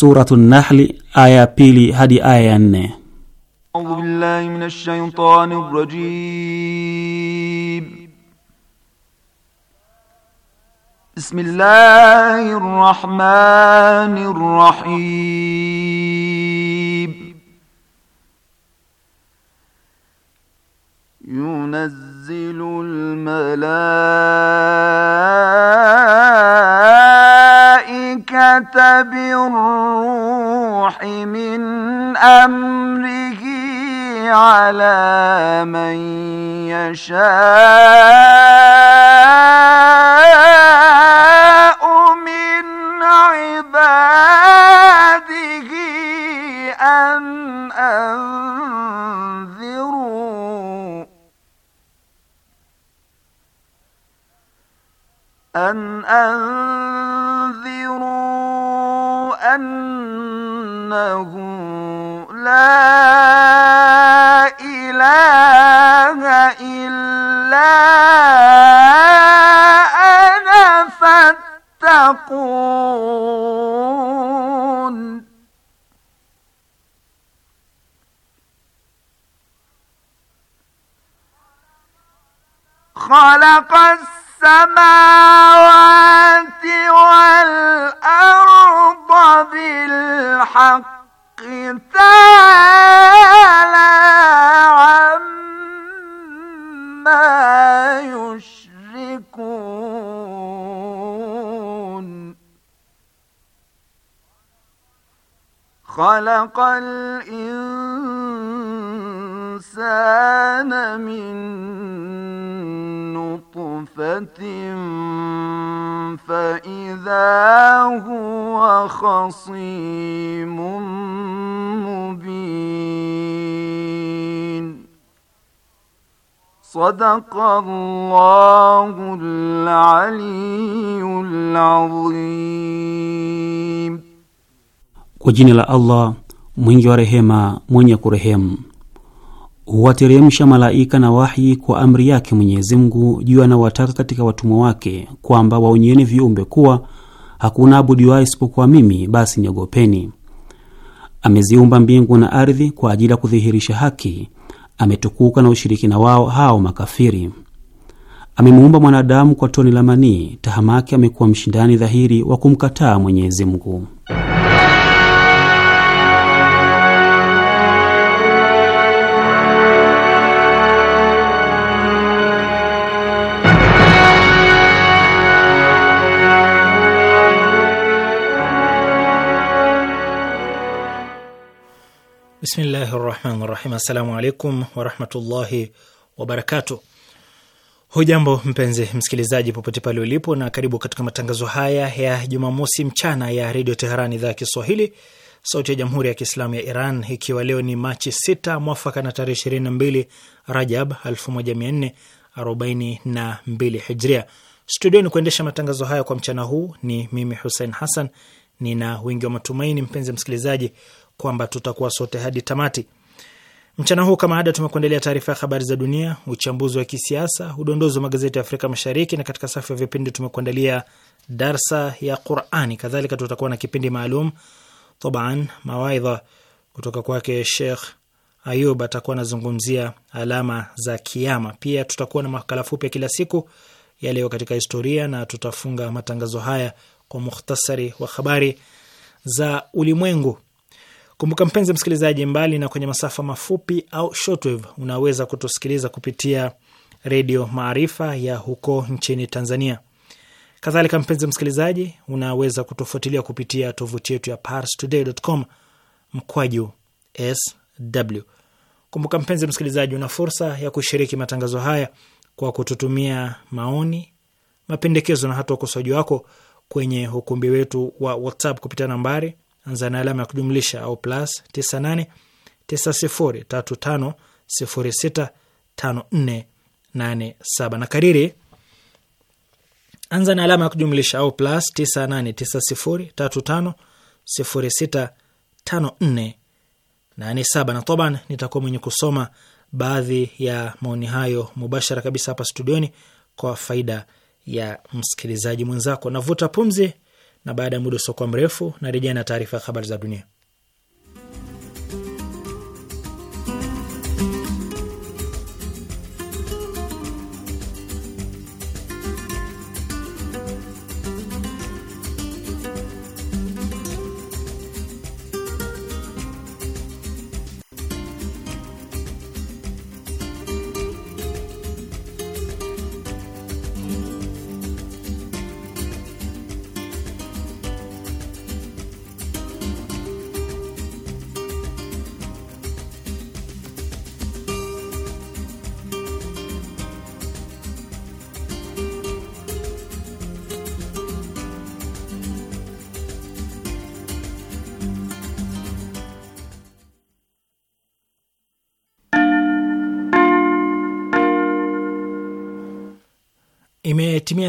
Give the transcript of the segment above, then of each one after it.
سورة النحل آية بيلي هدي آية nne. أعوذ بالله من الشيطان الرجيم بسم الله الرحمن الرحيم ينزل الملائكة الملائكة بالروح من أمره على من يشاء من عباده أن أنذروا أن أنذروا أنه لا إله إلا خلق الإنسان من نطفة فإذا هو خصيم مبين صدق الله العلي العظيم Kwa jina la Allah mwingi wa rehema, mwenye kurehemu. Huwateremsha malaika na wahyi kwa amri yake Mwenyezi Mungu juu anawataka katika watumwa wake, kwamba waonyeni viumbe kuwa hakuna abudiwaye isipokuwa mimi, basi niogopeni. Ameziumba mbingu na ardhi kwa ajili ya kudhihirisha haki, ametukuka na ushirikina wao hao makafiri. Amemuumba mwanadamu kwa toni la manii, tahamaki amekuwa mshindani dhahiri wa kumkataa Mwenyezi Mungu. Bismillahi rahmani rahim. Assalamu alaikum warahmatullahi wabarakatu. Hujambo mpenzi msikilizaji, popote pale ulipo, na karibu katika matangazo haya ya Jumamosi mchana ya redio Teheran, idhaa ya Kiswahili, sauti ya jamhuri ya kiislamu ya Iran, ikiwa leo ni Machi 6 mwafaka na tarehe 22 Rajab 1442 Hijria. Studioni kuendesha matangazo haya kwa mchana huu ni mimi Hussein Hassan. Nina wingi wa matumaini mpenzi msikilizaji kwamba tutakuwa sote hadi tamati. Mchana huu kama ada, tumekuandalia taarifa ya habari za dunia, uchambuzi wa kisiasa, udondozi wa magazeti ya Afrika Mashariki, na katika safu ya vipindi tumekuandalia darsa ya Qurani. Kadhalika tutakuwa na kipindi maalum taban mawaidha kutoka kwake Shekh Ayub, atakuwa anazungumzia alama za Kiama. Pia tutakuwa na makala fupi ya kila siku ya leo katika historia, na tutafunga matangazo haya kwa mukhtasari wa habari za ulimwengu. Kumbuka mpenzi msikilizaji, mbali na kwenye masafa mafupi au shortwave, unaweza kutusikiliza kupitia Redio Maarifa ya huko nchini Tanzania. Kadhalika mpenzi msikilizaji, unaweza kutufuatilia kupitia tovuti yetu ya parstoday.com mkwaju sw. Kumbuka mpenzi msikilizaji, una fursa ya kushiriki matangazo haya kwa kututumia maoni, mapendekezo na hata ukosoaji wako kwenye ukumbi wetu wa WhatsApp kupitia nambari anza na alama ya kujumlisha au plus 98 9035 06 54 87 na kariri anza na alama ya kujumlisha au plus 98 na toban, nitakuwa mwenye kusoma baadhi ya maoni hayo mubashara kabisa hapa studioni kwa faida ya msikilizaji mwenzako. Navuta pumzi na baada ya muda usiokuwa mrefu narejea na taarifa ya habari za dunia.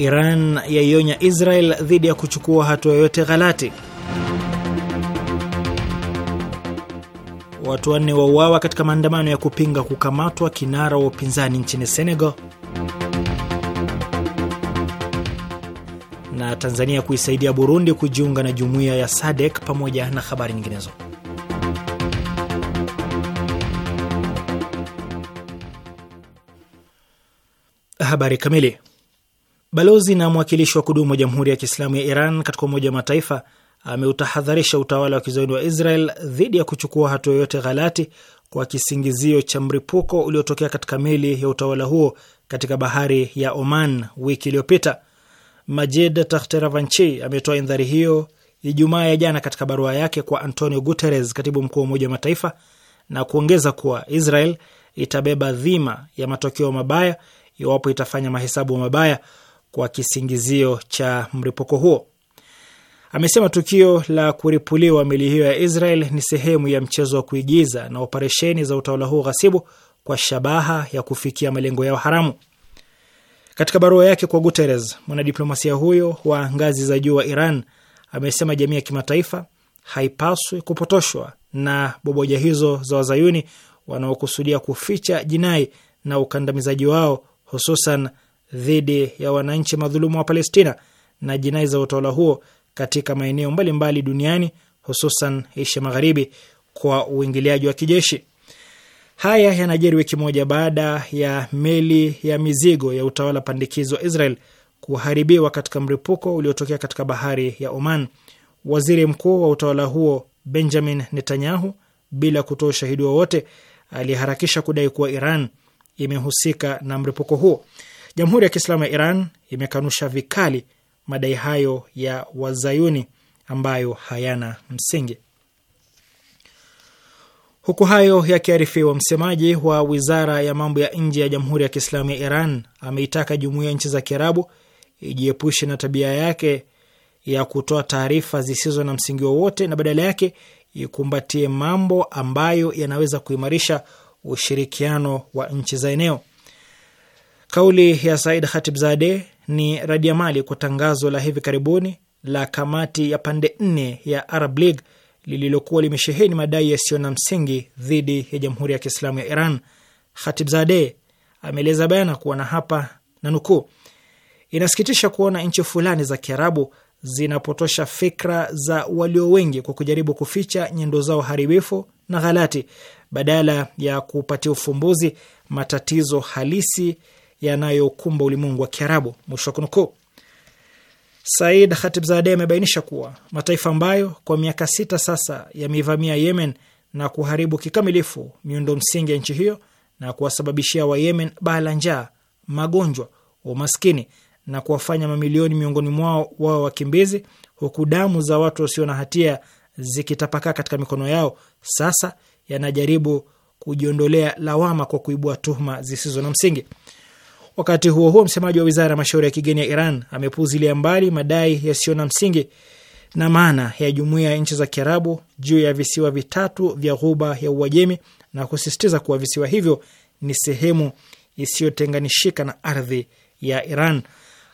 Iran yaionya Israel dhidi ya kuchukua hatua yoyote ghalati. Watu wanne wauawa katika maandamano ya kupinga kukamatwa kinara wa upinzani nchini Senegal. Na Tanzania kuisaidia Burundi kujiunga na jumuiya ya SADC pamoja na habari nyinginezo. Habari kamili Balozi na mwakilishi wa kudumu wa Jamhuri ya Kiislamu ya Iran katika Umoja wa Mataifa ameutahadharisha utawala wa kizayuni wa Israel dhidi ya kuchukua hatua yoyote ghalati kwa kisingizio cha mripuko uliotokea katika meli ya utawala huo katika bahari ya Oman wiki iliyopita. Majed Tahteravanchi ametoa indhari hiyo Ijumaa ya jana katika barua yake kwa Antonio Guterres, katibu mkuu wa Umoja wa Mataifa, na kuongeza kuwa Israel itabeba dhima ya matokeo mabaya iwapo itafanya mahesabu mabaya kwa kisingizio cha mlipuko huo. Amesema tukio la kuripuliwa meli hiyo ya Israel ni sehemu ya mchezo wa kuigiza na operesheni za utawala huo ghasibu kwa shabaha ya kufikia malengo yao haramu. Katika barua yake kwa Guterres, mwanadiplomasia huyo wa ngazi za juu wa Iran amesema jamii ya kimataifa haipaswi kupotoshwa na boboja hizo za wazayuni wanaokusudia kuficha jinai na ukandamizaji wao, hususan dhidi ya wananchi madhulumu wa Palestina na jinai za utawala huo katika maeneo mbalimbali duniani hususan Asia Magharibi kwa uingiliaji wa kijeshi. Haya yanajiri wiki moja baada ya meli ya mizigo ya utawala pandikizo wa Israel kuharibiwa katika mripuko uliotokea katika bahari ya Oman. Waziri mkuu wa utawala huo Benjamin Netanyahu, bila kutoa ushahidi wowote, aliharakisha kudai kuwa Iran imehusika na mripuko huo. Jamhuri ya Kiislamu ya Iran imekanusha vikali madai hayo ya wazayuni ambayo hayana msingi. Huku hayo yakiarifiwa, msemaji wa wizara ya mambo ya nje ya Jamhuri ya Kiislamu ya Iran ameitaka jumuiya nchi za Kiarabu ijiepushe na tabia yake ya kutoa taarifa zisizo na msingi wowote na badala yake ikumbatie mambo ambayo yanaweza kuimarisha ushirikiano wa nchi za eneo. Kauli ya Said zade ni radiamali kwa tangazo la hivi karibuni la kamati ya pande nne ya Arab League lililokuwa limesheheni madai yasiyo na msingi dhidi ya Jamhuri ya Kiislamu ya Iran. zade ameeleza bayana kuwa na hapa na nukuu, inasikitisha kuona nchi fulani za Kiarabu zinapotosha fikra za walio wengi kwa kujaribu kuficha nyendo zao haribifu na ghalati badala ya kupatia ufumbuzi matatizo halisi yanayokumba ulimwengu wa Kiarabu, mwisho wa kunukuu. Said Khatibzadeh amebainisha kuwa mataifa ambayo kwa miaka sita sasa yameivamia Yemen na kuharibu kikamilifu miundo msingi ya nchi hiyo na kuwasababishia Wayemen baa la njaa, magonjwa, umaskini na kuwafanya mamilioni miongoni mwao wao wakimbizi, huku damu za watu wasio na hatia zikitapakaa katika mikono yao, sasa yanajaribu kujiondolea lawama kwa kuibua tuhuma zisizo na msingi. Wakati huo huo, msemaji wa wizara ya mashauri ya kigeni ya Iran amepuuzilia mbali madai yasiyo na msingi na maana ya jumuiya ya nchi za Kiarabu juu ya visiwa vitatu vya ghuba ya Uajemi na kusisitiza kuwa visiwa hivyo ni sehemu isiyotenganishika na ardhi ya Iran.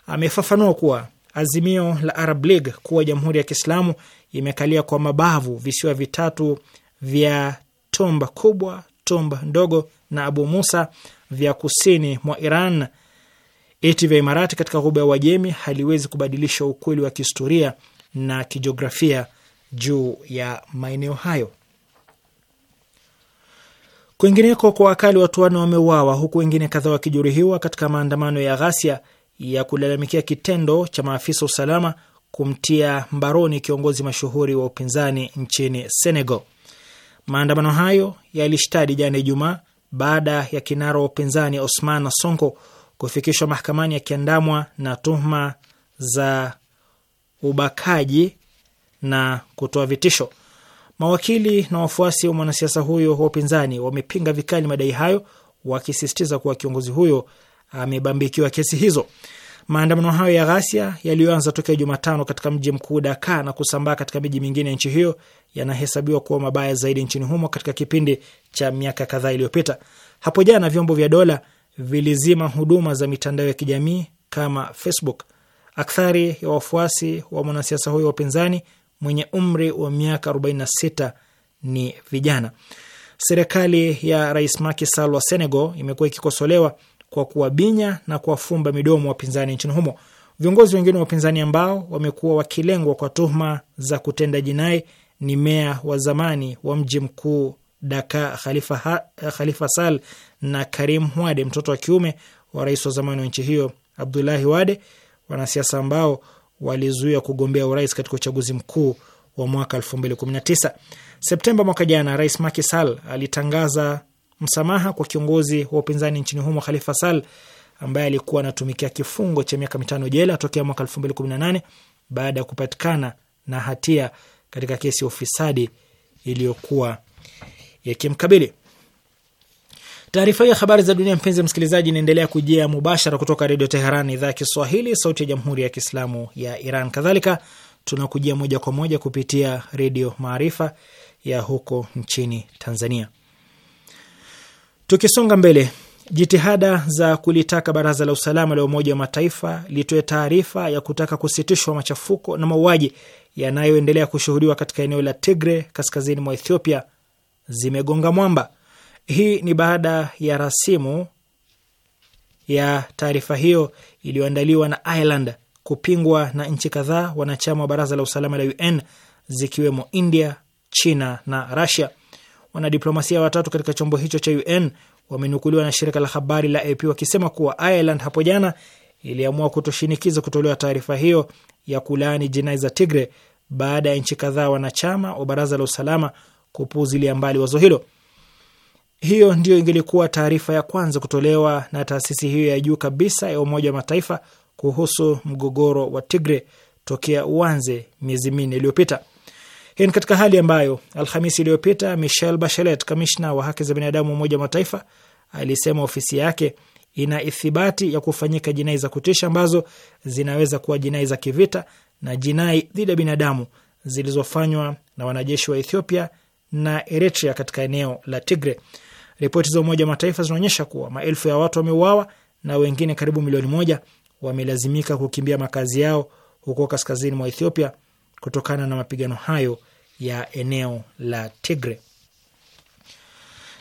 Amefafanua kuwa azimio la Arab League kuwa jamhuri ya Kiislamu imekalia kwa mabavu visiwa vitatu vya Tomba Kubwa, Tomba Ndogo na Abu Musa vya kusini mwa Iran eti vya Imarati katika ghuba ya Uajemi haliwezi kubadilisha ukweli wa kihistoria na kijiografia juu ya maeneo hayo. Kwingineko, kwa wakali watu wanne wameuawa huku wengine kadhaa wakijeruhiwa katika maandamano ya ghasia ya kulalamikia kitendo cha maafisa usalama kumtia mbaroni kiongozi mashuhuri wa upinzani nchini Senegal. Maandamano hayo yalishtadi jana Ijumaa baada ya kinara wa upinzani Osman Sonko kufikishwa mahakamani akiandamwa na tuhuma za ubakaji na kutoa vitisho. Mawakili na wafuasi wa mwanasiasa huyo wa upinzani wamepinga vikali madai hayo, wakisisitiza kuwa kiongozi huyo amebambikiwa kesi hizo. Maandamano hayo ya ghasia yaliyoanza tokea Jumatano katika mji mkuu Daka na kusambaa katika miji mingine ya nchi hiyo yanahesabiwa kuwa mabaya zaidi nchini humo katika kipindi cha miaka kadhaa iliyopita. Hapo jana vyombo vya dola vilizima huduma za mitandao ya kijamii kama Facebook. Akthari ya wafuasi wa mwanasiasa huyo wa upinzani mwenye umri wa miaka 46 ni vijana. Serikali ya Rais Macky Sall wa Senegal imekuwa ikikosolewa kwa kuwabinya na kuwafumba midomo wapinzani nchini humo. Viongozi wengine wa upinzani ambao wamekuwa wakilengwa kwa tuhuma za kutenda jinai ni meya wa zamani wa mji mkuu Daka Khalifa, ha, eh, Khalifa Sal na Karim Wade, mtoto wa kiume wa rais wa zamani wa nchi hiyo Abdullahi Wade, wanasiasa ambao walizuia kugombea urais katika uchaguzi mkuu wa mwaka 2019. Septemba mwaka jana, Rais Macky Sall alitangaza msamaha kwa kiongozi wa upinzani nchini humo Khalifa Sal ambaye alikuwa anatumikia kifungo cha miaka mitano jela tokea mwaka elfu mbili kumi na nane baada ya kupatikana na hatia katika kesi ya ufisadi iliyokuwa yakimkabili. Taarifa hii ya habari za dunia, mpenzi msikilizaji, inaendelea kujia mubashara kutoka Redio Teheran, idhaa ya Kiswahili, sauti ya jamhuri ya kiislamu ya Iran. Kadhalika tunakujia moja kwa moja kupitia Redio Maarifa ya huko nchini Tanzania. Tukisonga mbele, jitihada za kulitaka Baraza la Usalama la Umoja wa Mataifa litoe taarifa ya kutaka kusitishwa machafuko na mauaji yanayoendelea kushuhudiwa katika eneo la Tigre kaskazini mwa Ethiopia zimegonga mwamba. Hii ni baada ya rasimu ya taarifa hiyo iliyoandaliwa na Ireland kupingwa na nchi kadhaa wanachama wa Baraza la Usalama la UN zikiwemo India, China na Russia. Wanadiplomasia watatu katika chombo hicho cha UN wamenukuliwa na shirika la habari la AP wakisema kuwa Ireland hapo jana iliamua kutoshinikiza kutolewa taarifa hiyo ya kulaani jinai za Tigre baada ya nchi kadhaa wanachama wa Baraza la Usalama kupuuzilia mbali wazo hilo. Hiyo ndiyo ingelikuwa taarifa ya kwanza kutolewa na taasisi hiyo ya juu kabisa ya Umoja wa Mataifa kuhusu mgogoro wa Tigre tokea uanze miezi minne iliyopita. Hii ni katika hali ambayo Alhamisi iliyopita Michelle Bachelet, kamishna wa haki za binadamu Umoja wa Mataifa, alisema ofisi yake ina ithibati ya kufanyika jinai za kutisha ambazo zinaweza kuwa jinai za kivita na jinai dhidi ya binadamu zilizofanywa na wanajeshi wa Ethiopia na Eritrea katika eneo la Tigre. Ripoti za Umoja wa Mataifa zinaonyesha kuwa maelfu ya watu wameuawa na wengine karibu milioni moja wamelazimika kukimbia makazi yao huko kaskazini mwa Ethiopia kutokana na mapigano hayo ya eneo la Tigre.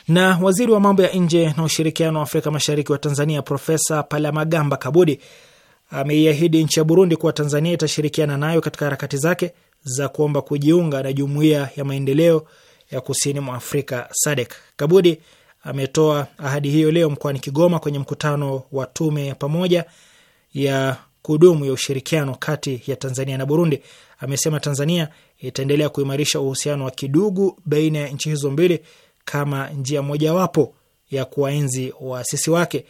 Na waziri wa mambo ya nje na ushirikiano wa Afrika Mashariki wa Tanzania Profesa Palamagamba Kabudi ameiahidi nchi ya Burundi kuwa Tanzania itashirikiana nayo katika harakati zake za kuomba kujiunga na Jumuiya ya Maendeleo ya Kusini mwa Afrika SADC. Kabudi ametoa ahadi hiyo leo mkoani Kigoma kwenye mkutano wa tume ya pamoja ya kudumu ya ushirikiano kati ya Tanzania na Burundi. Amesema Tanzania itaendelea kuimarisha uhusiano wa kidugu baina ya nchi hizo mbili kama njia mojawapo ya kuwaenzi waasisi wake.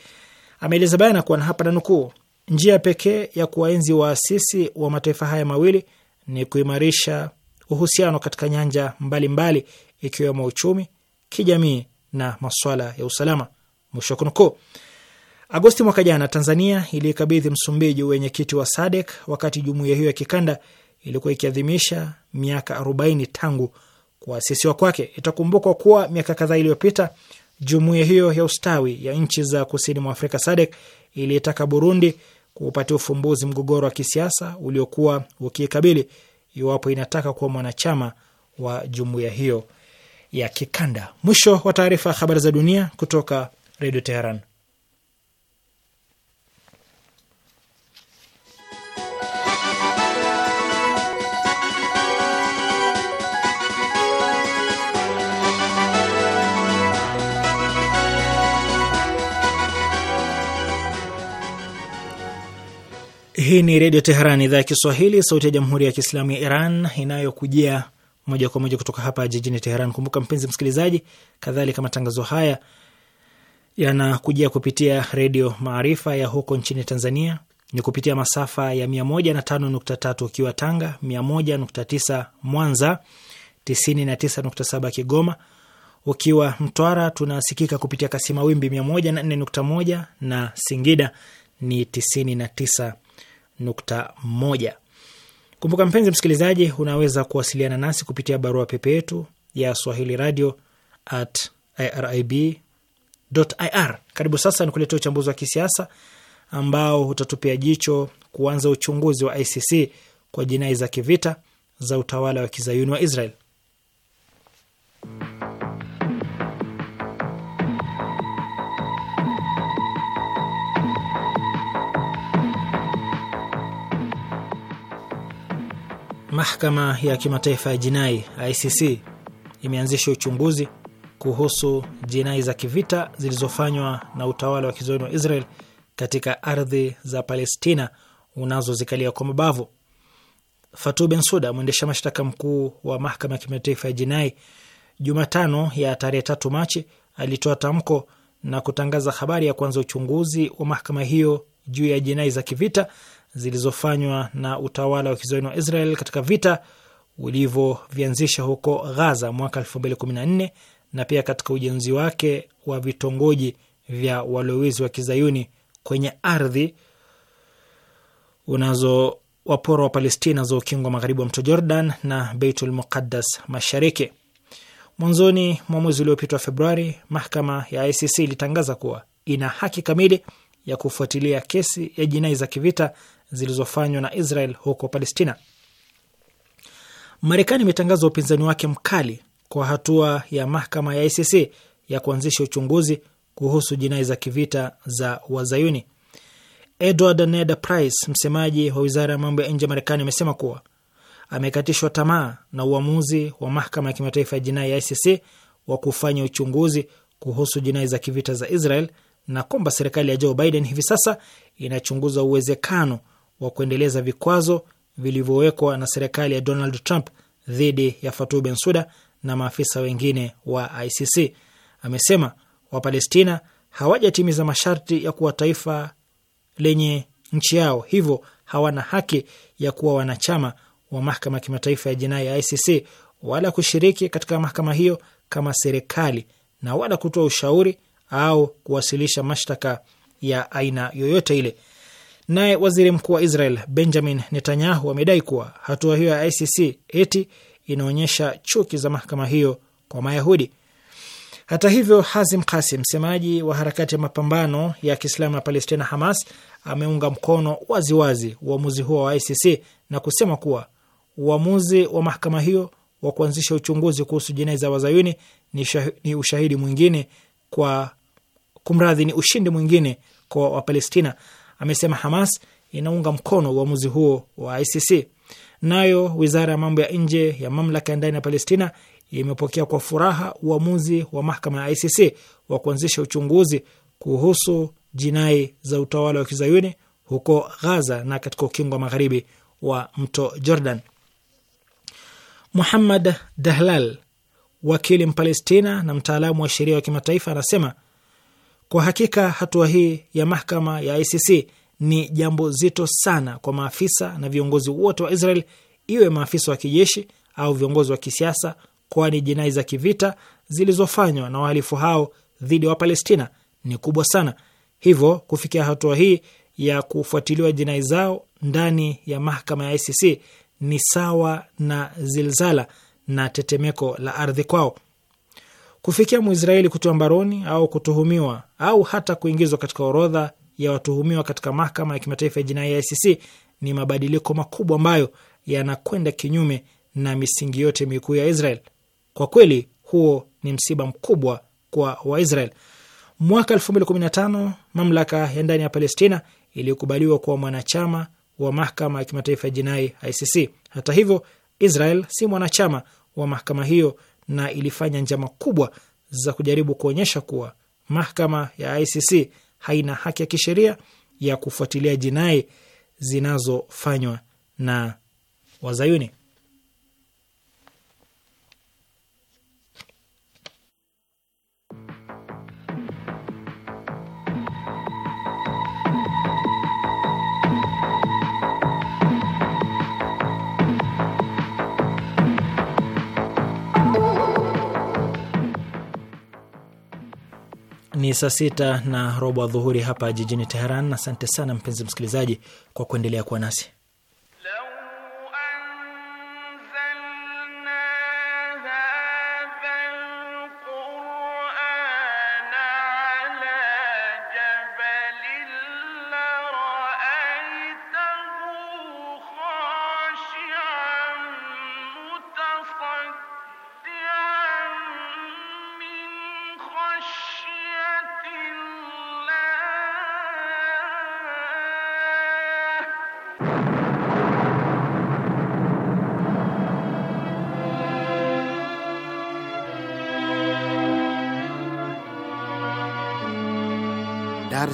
Ameeleza bayana kuwa na hapa na nukuu, njia pekee ya kuwaenzi waasisi wa mataifa haya mawili ni kuimarisha uhusiano katika nyanja mbalimbali ikiwemo uchumi, kijamii na maswala ya usalama, mwisho wa kunukuu. Agosti mwaka jana, Tanzania iliikabidhi Msumbiji wenyekiti wa SADEK wakati jumuiya hiyo ya kikanda ilikuwa ikiadhimisha miaka 40 tangu kuasisiwa kwake. Itakumbukwa kuwa miaka kadhaa iliyopita jumuiya hiyo ya ustawi ya nchi za kusini mwa Afrika SADEK iliitaka Burundi kuupatia ufumbuzi mgogoro wa kisiasa uliokuwa ukiikabili iwapo inataka kuwa mwanachama wa jumuiya hiyo ya kikanda. Mwisho wa taarifa ya habari za dunia kutoka Redio Teheran. Hii ni Redio Teheran, idhaa ya Kiswahili, sauti ya Jamhuri ya Kiislamu ya Iran, inayokujia moja kwa moja kutoka hapa jijini Teheran. Kumbuka mpenzi msikilizaji, kadhalika matangazo haya yanakujia kupitia Redio Maarifa ya huko nchini Tanzania ni kupitia masafa ya 105.3 ukiwa Tanga, 101.9 Mwanza, 99.7 Kigoma. Ukiwa Mtwara tunasikika kupitia kasi mawimbi 104.1 na Singida ni 99 nukta moja. Kumbuka mpenzi msikilizaji, unaweza kuwasiliana nasi kupitia barua pepe yetu ya swahili radio at irib ir. Karibu sasa ni kuletea uchambuzi wa kisiasa ambao utatupia jicho kuanza uchunguzi wa ICC kwa jinai za kivita za utawala wa kizayuni wa Israel. Mahakama ya Kimataifa ya Jinai ICC imeanzisha uchunguzi kuhusu jinai za kivita zilizofanywa na utawala wa kizoni wa Israel katika ardhi za Palestina unazozikalia kwa mabavu. Fatu Ben Suda, mwendesha mashtaka mkuu wa mahakama ya kimataifa ya jinai, Jumatano ya tarehe tatu Machi alitoa tamko na kutangaza habari ya kuanza uchunguzi wa mahakama hiyo juu ya jinai za kivita zilizofanywa na utawala wa kizayuni wa Israel katika vita ulivyovianzisha huko Ghaza mwaka 2014 na pia katika ujenzi wake wa vitongoji vya walowezi wa kizayuni kwenye ardhi unazo wapora wa Palestina za ukingo magharibi wa mto Jordan na Beitul Muqaddas mashariki. Mwanzoni mwa mwezi uliopita Februari, mahakama ya ICC ilitangaza kuwa ina haki kamili ya kufuatilia kesi ya jinai za kivita zilizofanywa na Israel huko Palestina. Marekani imetangaza upinzani wake mkali kwa hatua ya mahakama ya ICC ya kuanzisha uchunguzi kuhusu jinai za kivita za Wazayuni. Edward Ned Price, msemaji wa wizara ya mambo ya nje ya Marekani, amesema kuwa amekatishwa tamaa na uamuzi wa mahakama ya kimataifa ya jinai ya ICC wa kufanya uchunguzi kuhusu jinai za kivita za Israel na kwamba serikali ya Joe Biden hivi sasa inachunguza uwezekano wa kuendeleza vikwazo vilivyowekwa na serikali ya Donald Trump dhidi ya Fatou Bensouda na maafisa wengine wa ICC. Amesema Wapalestina hawajatimiza masharti ya kuwa taifa lenye nchi yao, hivyo hawana haki ya kuwa wanachama wa mahakama ya kimataifa ya jinai ya ICC wala kushiriki katika mahakama hiyo kama serikali na wala kutoa ushauri au kuwasilisha mashtaka ya aina yoyote ile. Naye waziri mkuu wa Israel Benjamin Netanyahu amedai kuwa hatua hiyo ya ICC eti inaonyesha chuki za mahakama hiyo kwa Mayahudi. Hata hivyo, Hazim Kasim, msemaji wa harakati ya mapambano ya Kiislamu ya Palestina, Hamas, ameunga mkono waziwazi uamuzi huo wa ICC na kusema kuwa uamuzi wa mahakama hiyo wa kuanzisha uchunguzi kuhusu jinai za wazayuni ni, ni ushahidi mwingine kwa kumradhi, ni ushindi mwingine kwa Wapalestina amesema Hamas inaunga mkono uamuzi huo wa ICC. Nayo wizara ya mambo ya nje ya mamlaka ya ndani ya Palestina imepokea kwa furaha uamuzi wa mahakama ya ICC wa kuanzisha uchunguzi kuhusu jinai za utawala wa kizayuni huko Ghaza na katika ukingo wa magharibi wa mto Jordan. Muhammad Dahlal, wakili Mpalestina na mtaalamu wa sheria wa kimataifa, anasema kwa hakika hatua hii ya mahakama ya ICC ni jambo zito sana kwa maafisa na viongozi wote wa Israel, iwe maafisa wa kijeshi au viongozi wa kisiasa, kwani jinai za kivita zilizofanywa na wahalifu hao dhidi ya Wapalestina ni kubwa sana. Hivyo kufikia hatua hii ya kufuatiliwa jinai zao ndani ya mahakama ya ICC ni sawa na zilzala na tetemeko la ardhi kwao kufikia Mwisraeli kutiwa mbaroni au kutuhumiwa au hata kuingizwa katika orodha ya watuhumiwa katika mahakama ya kimataifa ya jinai ya ICC ni mabadiliko makubwa ambayo yanakwenda kinyume na misingi yote mikuu ya Israel. Kwa kweli huo ni msiba mkubwa kwa Waisrael. Mwaka 2015 mamlaka ya ndani ya Palestina ilikubaliwa kuwa mwanachama wa mahakama ya kimataifa ya jinai ICC. Hata hivyo, Israel si mwanachama wa mahakama hiyo na ilifanya njama kubwa za kujaribu kuonyesha kuwa mahakama ya ICC haina haki ya kisheria ya kufuatilia jinai zinazofanywa na Wazayuni. Ni saa sita na robo adhuhuri hapa jijini Teheran. Asante sana mpenzi msikilizaji kwa kuendelea kuwa nasi.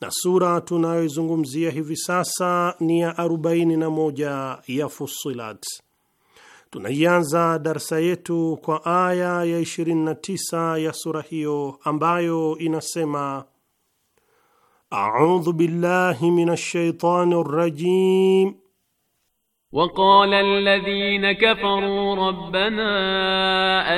na sura tunayoizungumzia hivi sasa ni ya 41 ya Fussilat. Tunaianza darsa yetu kwa aya ya 29 ya sura hiyo ambayo inasema: audhu billahi minash shaitani rajim وقال الذين كفروا ربنا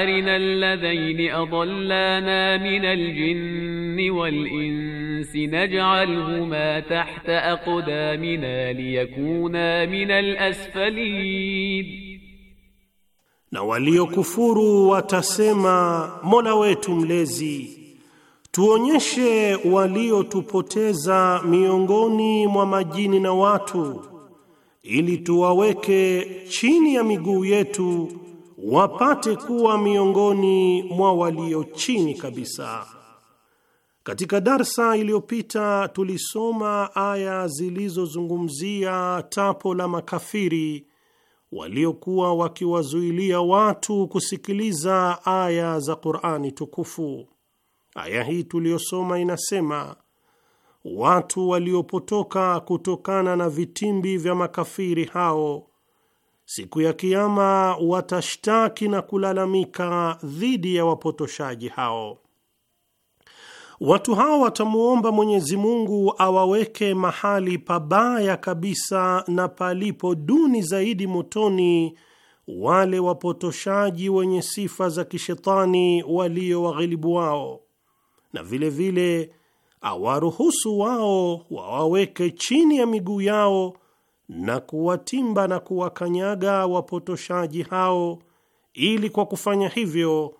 أرنا الذين أضلانا من الجن والإنس نجعلهما تحت أقدامنا ليكونا من الأسفلين na waliokufuru watasema Mola wetu mlezi tuonyeshe waliotupoteza miongoni mwa majini na watu ili tuwaweke chini ya miguu yetu wapate kuwa miongoni mwa walio chini kabisa. Katika darsa iliyopita tulisoma aya zilizozungumzia tapo la makafiri waliokuwa wakiwazuilia watu kusikiliza aya za Qur'ani tukufu. Aya hii tuliyosoma inasema watu waliopotoka kutokana na vitimbi vya makafiri hao siku ya Kiama watashtaki na kulalamika dhidi ya wapotoshaji hao. Watu hao watamwomba Mwenyezi Mungu awaweke mahali pabaya kabisa na palipo duni zaidi motoni wale wapotoshaji wenye sifa za kishetani walio waghilibu wao, na vilevile vile awaruhusu wao wawaweke chini ya miguu yao na kuwatimba na kuwakanyaga wapotoshaji hao, ili kwa kufanya hivyo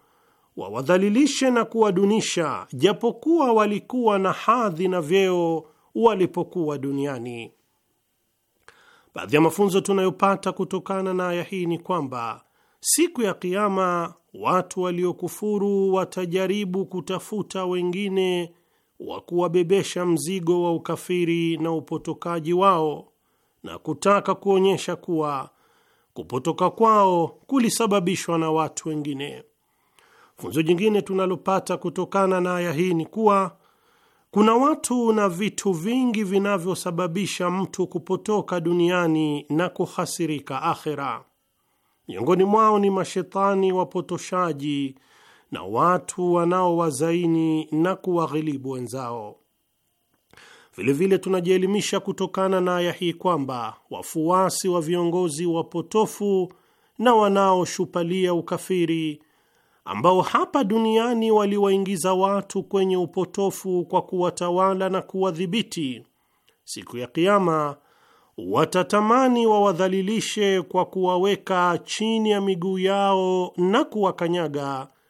wawadhalilishe na kuwadunisha, japokuwa walikuwa na hadhi na vyeo walipokuwa duniani. Baadhi ya mafunzo tunayopata kutokana na aya hii ni kwamba siku ya Kiama watu waliokufuru watajaribu kutafuta wengine wa kuwabebesha mzigo wa ukafiri na upotokaji wao na kutaka kuonyesha kuwa kupotoka kwao kulisababishwa na watu wengine. Funzo jingine tunalopata kutokana na aya hii ni kuwa kuna watu na vitu vingi vinavyosababisha mtu kupotoka duniani na kuhasirika akhera. Miongoni mwao ni mashetani wapotoshaji na watu wanaowazaini na kuwaghilibu wenzao. Vilevile tunajielimisha kutokana na aya hii kwamba wafuasi wa viongozi wapotofu na wanaoshupalia ukafiri ambao hapa duniani waliwaingiza watu kwenye upotofu kwa kuwatawala na kuwadhibiti, siku ya Kiama watatamani wawadhalilishe kwa kuwaweka chini ya miguu yao na kuwakanyaga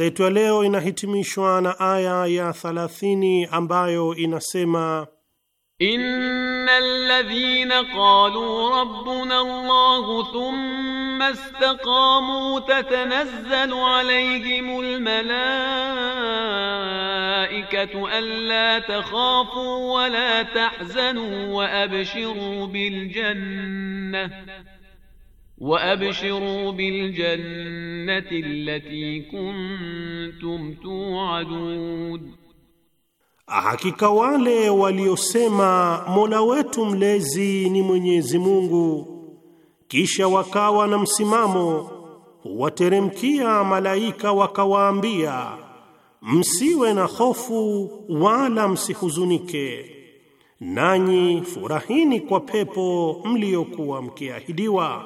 Darsa yetu ya leo inahitimishwa na aya ya 30 ambayo inasema Innal ladhina qalu rabbuna Allah thumma istaqamu tatanazzalu alayhimul almalaikatu alla takhafu wa la tahzanu wa abshiru bil jannah waabshiruu biljannati allati kuntum tuadun, hakika wale waliosema Mola wetu mlezi ni Mwenyezi Mungu, kisha wakawa na msimamo, huwateremkia malaika wakawaambia, msiwe na hofu wala msihuzunike, nanyi furahini kwa pepo mliyokuwa mkiahidiwa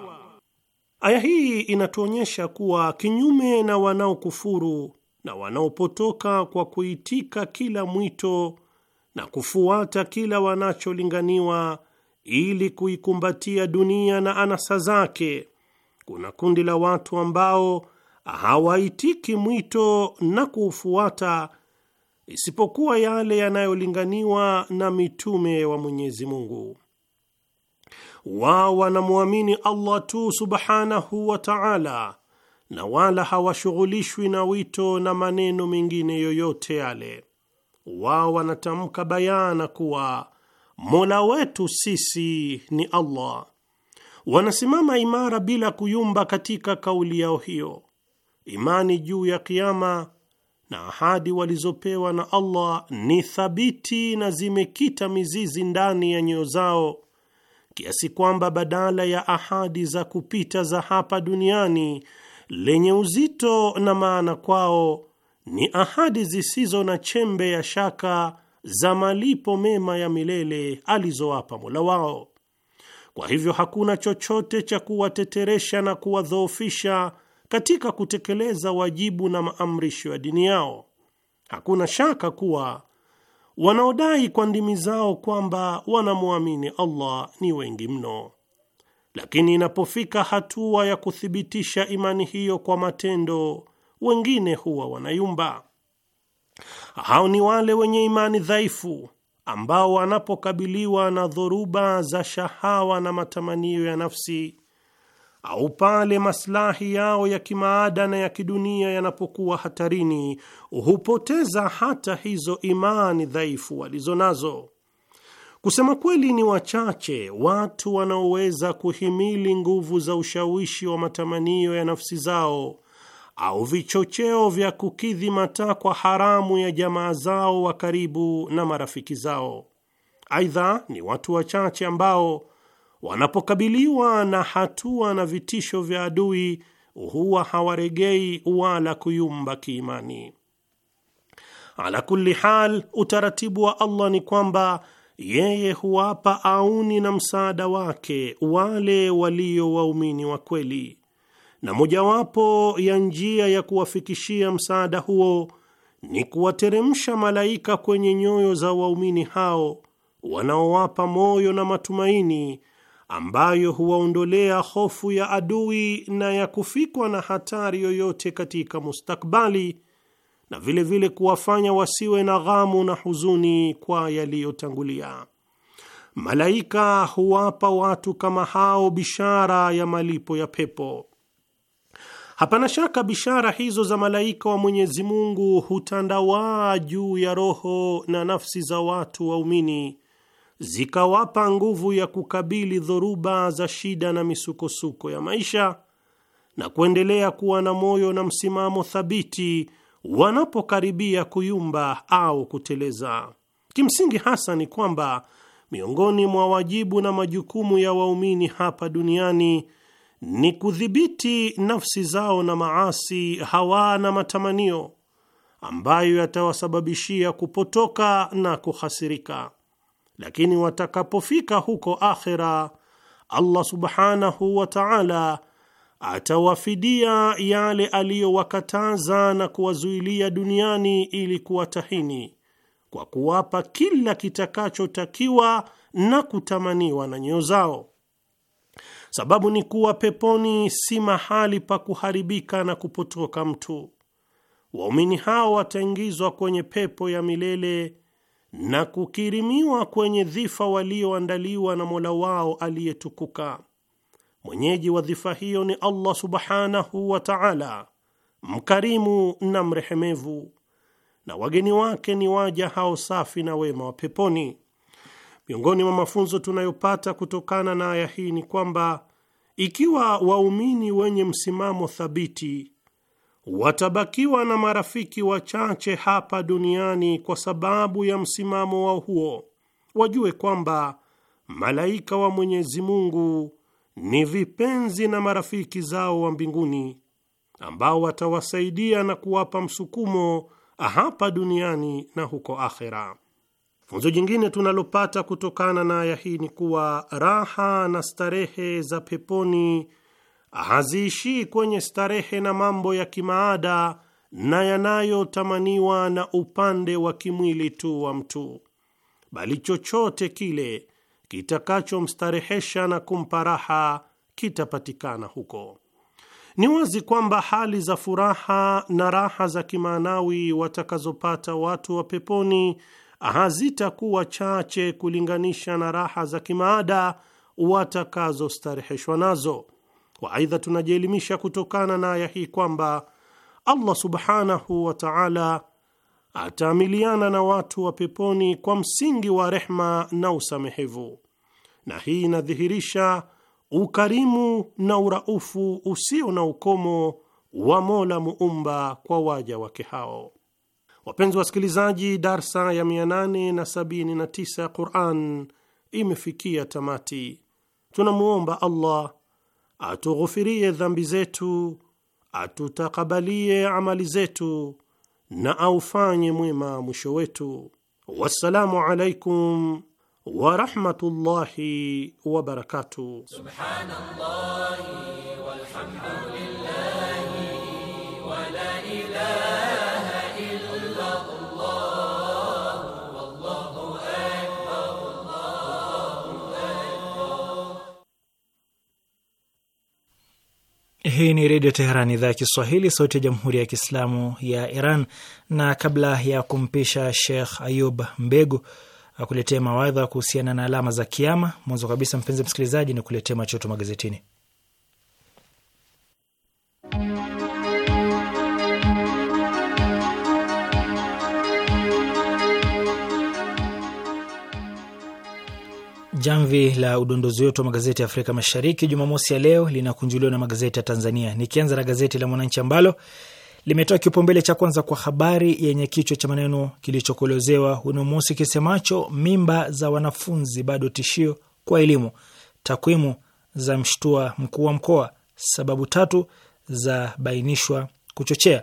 Aya hii inatuonyesha kuwa kinyume na wanaokufuru na wanaopotoka kwa kuitika kila mwito na kufuata kila wanacholinganiwa ili kuikumbatia dunia na anasa zake, kuna kundi la watu ambao hawaitiki mwito na kuufuata isipokuwa yale yanayolinganiwa na mitume wa Mwenyezi Mungu wao wanamwamini Allah tu subhanahu wa ta'ala, na wala hawashughulishwi na wito na maneno mengine yoyote yale. Wao wanatamka bayana kuwa Mola wetu sisi ni Allah. Wanasimama imara bila kuyumba katika kauli yao hiyo. Imani juu ya Kiama na ahadi walizopewa na Allah ni thabiti na zimekita mizizi ndani ya nyoyo zao kiasi kwamba badala ya ahadi za kupita za hapa duniani lenye uzito na maana kwao ni ahadi zisizo na chembe ya shaka za malipo mema ya milele alizowapa Mola wao. Kwa hivyo hakuna chochote cha kuwateteresha na kuwadhoofisha katika kutekeleza wajibu na maamrisho ya dini yao. Hakuna shaka kuwa Wanaodai kwa ndimi zao kwamba wanamwamini Allah ni wengi mno, lakini inapofika hatua ya kuthibitisha imani hiyo kwa matendo, wengine huwa wanayumba. Hao ni wale wenye imani dhaifu ambao wanapokabiliwa na dhoruba za shahawa na matamanio ya nafsi au pale maslahi yao ya kimaada na ya kidunia yanapokuwa hatarini, hupoteza hata hizo imani dhaifu walizo nazo. Kusema kweli, ni wachache watu wanaoweza kuhimili nguvu za ushawishi wa matamanio ya nafsi zao au vichocheo vya kukidhi matakwa haramu ya jamaa zao wa karibu na marafiki zao. Aidha, ni watu wachache ambao wanapokabiliwa na hatua na vitisho vya adui huwa hawaregei wala kuyumba kiimani. Ala kulli hal, utaratibu wa Allah ni kwamba yeye huwapa auni na msaada wake wale walio waumini wa kweli, na mojawapo ya njia ya kuwafikishia msaada huo ni kuwateremsha malaika kwenye nyoyo za waumini hao wanaowapa moyo na matumaini ambayo huwaondolea hofu ya adui na ya kufikwa na hatari yoyote katika mustakbali na vile vile kuwafanya wasiwe na ghamu na huzuni kwa yaliyotangulia. Malaika huwapa watu kama hao bishara ya malipo ya pepo. Hapana shaka bishara hizo za malaika wa Mwenyezi Mungu hutandawaa juu ya roho na nafsi za watu waumini zikawapa nguvu ya kukabili dhoruba za shida na misukosuko ya maisha na kuendelea kuwa na moyo na msimamo thabiti wanapokaribia kuyumba au kuteleza. Kimsingi hasa ni kwamba miongoni mwa wajibu na majukumu ya waumini hapa duniani ni kudhibiti nafsi zao na maasi, hawa na matamanio ambayo yatawasababishia kupotoka na kuhasirika lakini watakapofika huko akhera, Allah subhanahu wa ta'ala atawafidia yale aliyowakataza na kuwazuilia duniani ili kuwatahini kwa kuwapa kila kitakachotakiwa na kutamaniwa na nyoyo zao. Sababu ni kuwa peponi si mahali pa kuharibika na kupotoka mtu. Waumini hao wataingizwa kwenye pepo ya milele na kukirimiwa kwenye dhifa walioandaliwa na Mola wao aliyetukuka. Mwenyeji wa dhifa hiyo ni Allah subhanahu wa ta'ala, mkarimu na mrehemevu, na wageni wake ni waja hao safi na wema wa peponi. Miongoni mwa mafunzo tunayopata kutokana na aya hii ni kwamba ikiwa waumini wenye msimamo thabiti watabakiwa na marafiki wachache hapa duniani kwa sababu ya msimamo wao huo. Wajue kwamba malaika wa Mwenyezi Mungu ni vipenzi na marafiki zao wa mbinguni ambao watawasaidia na kuwapa msukumo hapa duniani na huko akhera. Funzo jingine tunalopata kutokana na aya hii ni kuwa raha na starehe za peponi haziishii kwenye starehe na mambo ya kimaada na yanayotamaniwa na upande wa kimwili tu wa mtu, bali chochote kile kitakachomstarehesha na kumpa raha kitapatikana huko. Ni wazi kwamba hali za furaha na raha za kimaanawi watakazopata watu wa peponi hazitakuwa chache kulinganisha na raha za kimaada watakazostareheshwa nazo, aidha tunajielimisha kutokana na aya hii kwamba Allah subhanahu wa taala ataamiliana na watu wa peponi kwa msingi wa rehma na usamehevu, na hii inadhihirisha ukarimu na uraufu usio na ukomo wa Mola muumba kwa waja wake hao. Wapenzi wasikilizaji, darsa ya 879 ya Quran imefikia tamati. Tunamwomba Allah atughufirie dhambi zetu, atutakabalie amali zetu na aufanye mwema mwisho wetu. Wassalamu alaikum wa rahmatullahi wa barakatuh. Hii ni Redio Teheran, idhaa ya Kiswahili, sauti ya Jamhuri ya Kiislamu ya Iran. Na kabla ya kumpisha Shekh Ayub Mbegu akuletee mawadha kuhusiana na alama za Kiama, mwanzo kabisa, mpenzi msikilizaji, ni kuletea machoto magazetini. Jamvi la udondozi wetu wa magazeti ya Afrika Mashariki Jumamosi ya leo linakunjuliwa na magazeti ya Tanzania, nikianza na gazeti la Mwananchi ambalo limetoa kipaumbele cha kwanza kwa habari yenye kichwa cha maneno kilichokolezewa unamosi kisemacho mimba za wanafunzi bado tishio kwa elimu, takwimu za mshtua mkuu wa mkoa, sababu tatu za bainishwa kuchochea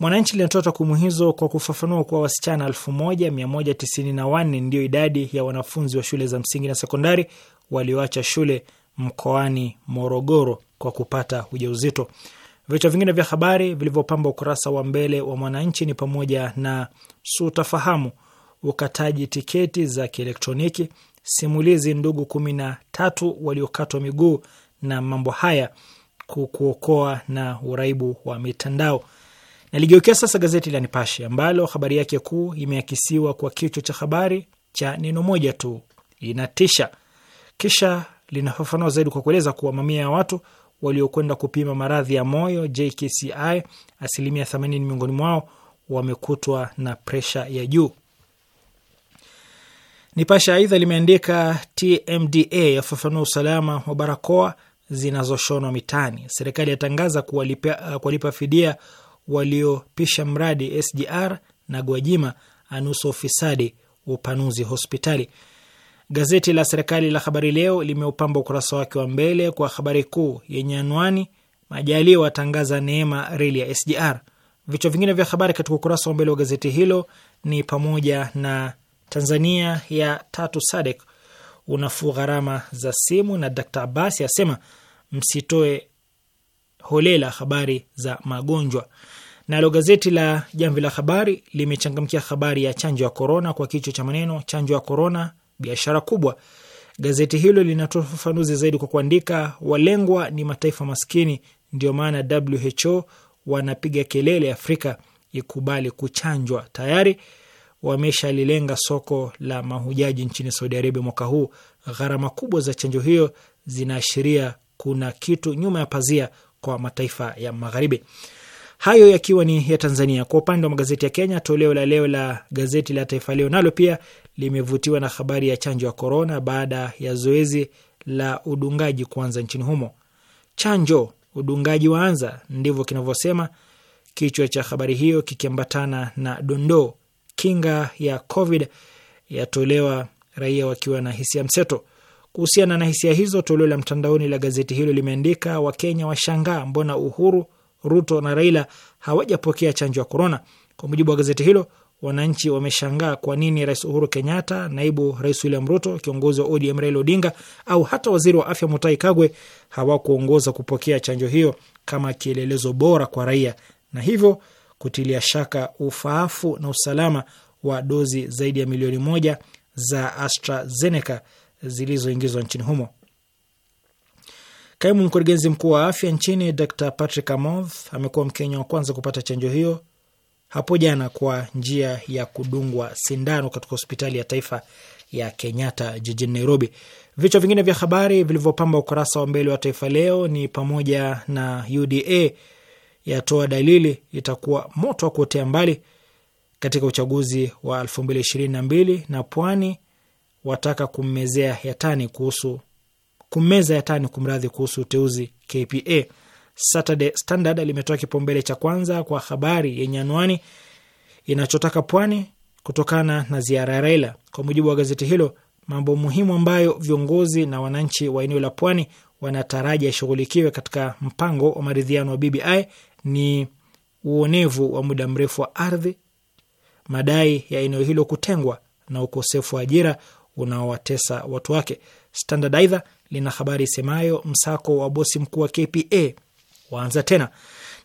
Mwananchi linatoa takwimu hizo kwa kufafanua kuwa wasichana 1194 ndiyo idadi ya wanafunzi wa shule za msingi na sekondari walioacha shule mkoani Morogoro kwa kupata ujauzito. Vichwa vingine vya habari vilivyopamba ukurasa wa mbele wa Mwananchi ni pamoja na sutafahamu, ukataji tiketi za kielektroniki, simulizi ndugu kumi na tatu waliokatwa miguu na mambo haya kukuokoa na uraibu wa mitandao. Naligeukia sasa gazeti la Nipashe ambalo habari yake kuu imeakisiwa kwa kichwa cha habari cha neno moja tu, inatisha. Kisha linafafanua zaidi kwa kueleza kuwa mamia ya watu waliokwenda kupima maradhi ya moyo JKCI, asilimia 80 miongoni mwao wamekutwa na presha ya juu. Nipashe aidha limeandika TMDA yafafanua usalama wa barakoa zinazoshonwa mitaani, serikali yatangaza kuwalipa fidia waliopisha mradi SGR na Gwajima anusa ufisadi wa upanuzi hospitali. Gazeti la serikali la Habari Leo limeupamba ukurasa wake wa mbele kwa habari kuu yenye anwani Majaliwa watangaza neema reli ya SGR. Vichwa vingine vya habari katika ukurasa wa mbele wa gazeti hilo ni pamoja na Tanzania ya tatu Sadek unafuu gharama za simu, na Dkt Abasi asema msitoe holela habari za magonjwa. Nalo gazeti la Jamvi la Habari limechangamkia habari ya chanjo ya korona kwa kichwa cha maneno, chanjo ya korona biashara kubwa. Gazeti hilo linatoa ufafanuzi zaidi kwa kuandika, walengwa ni mataifa maskini, ndio maana WHO wanapiga kelele Afrika ikubali kuchanjwa. Tayari wameshalilenga soko la mahujaji nchini Saudi Arabia mwaka huu. Gharama kubwa za chanjo hiyo zinaashiria kuna kitu nyuma ya pazia kwa mataifa ya Magharibi. Hayo yakiwa ni ya Tanzania. Kwa upande wa magazeti ya Kenya, toleo la leo la gazeti la Taifa Leo nalo pia limevutiwa na habari ya chanjo ya korona baada ya zoezi la udungaji kuanza nchini humo. Chanjo udungaji waanza, ndivyo kinavyosema kichwa cha habari hiyo, kikiambatana na dondoo, kinga ya covid yatolewa raia wakiwa na hisia mseto. Kuhusiana na hisia hizo, toleo la mtandaoni la gazeti hilo limeandika, Wakenya washangaa mbona Uhuru, Ruto na Raila hawajapokea chanjo ya korona. Kwa mujibu wa gazeti hilo, wananchi wameshangaa kwa nini Rais Uhuru Kenyatta, naibu Rais William Ruto, kiongozi wa ODM Raila Odinga au hata waziri wa afya Mutai Kagwe hawakuongoza kupokea chanjo hiyo kama kielelezo bora kwa raia, na hivyo kutilia shaka ufaafu na usalama wa dozi zaidi ya milioni moja za AstraZeneca zilizoingizwa nchini humo. Kaimu mkurugenzi mkuu wa afya nchini Dr Patrick Amoth amekuwa Mkenya wa kwanza kupata chanjo hiyo hapo jana kwa njia ya kudungwa sindano katika hospitali ya taifa ya Kenyatta jijini Nairobi. Vichwa vingine vya habari vilivyopamba ukurasa wa mbele wa Taifa Leo ni pamoja na UDA yatoa dalili itakuwa moto wa kuotea mbali katika uchaguzi wa 2022 na pwani wataka kummezea yatani kuhusu kummeza yatani kumradhi kuhusu uteuzi KPA. Saturday Standard limetoa kipaumbele cha kwanza kwa habari yenye anwani inachotaka pwani kutokana na ziara ya Raila. Kwa mujibu wa gazeti hilo, mambo muhimu ambayo viongozi na wananchi wa eneo la pwani wanataraji yashughulikiwe katika mpango wa maridhiano wa BBI ni uonevu wa muda mrefu wa ardhi, madai ya eneo hilo kutengwa na ukosefu wa ajira unaowatesa watu wake. Standard aidha lina habari isemayo msako wa bosi mkuu wa KPA waanza tena.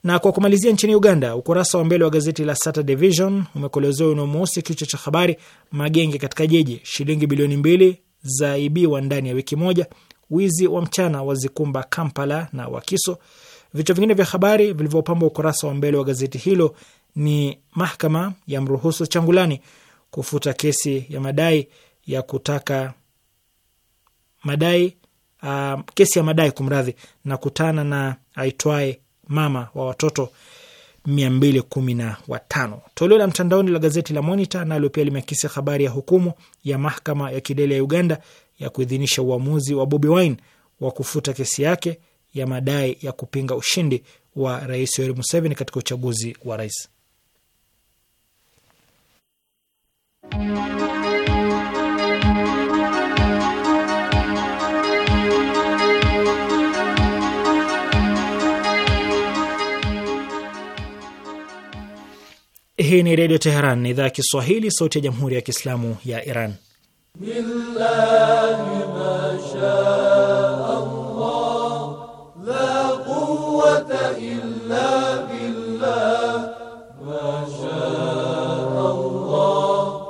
Na kwa kumalizia, nchini Uganda, ukurasa wa mbele wa gazeti la Saturday Vision umekolezewa wino mweusi, kichwa cha habari magenge katika jiji, shilingi bilioni mbili zaibiwa ndani ya wiki moja, wizi wa mchana wazikumba Kampala na Wakiso. Vichwa vingine vya habari vilivyopamba ukurasa wa mbele wa gazeti hilo ni mahakama ya mruhusu Changulani kufuta kesi ya madai ya kutaka madai uh, kesi ya madai kumradhi, na kutana na aitwaye mama wa watoto mia mbili kumi na watano. Toleo la mtandaoni la gazeti la Monitor nalo pia limeakisi habari ya hukumu ya mahakama ya kidele ya Uganda ya kuidhinisha uamuzi wa Bobi Wine wa kufuta kesi yake ya madai ya kupinga ushindi wa Rais Yoweri Museveni katika uchaguzi wa rais. Hii ni Redio Teheran, idhaa ya Kiswahili, sauti ya Jamhuri ya Kiislamu ya Iran.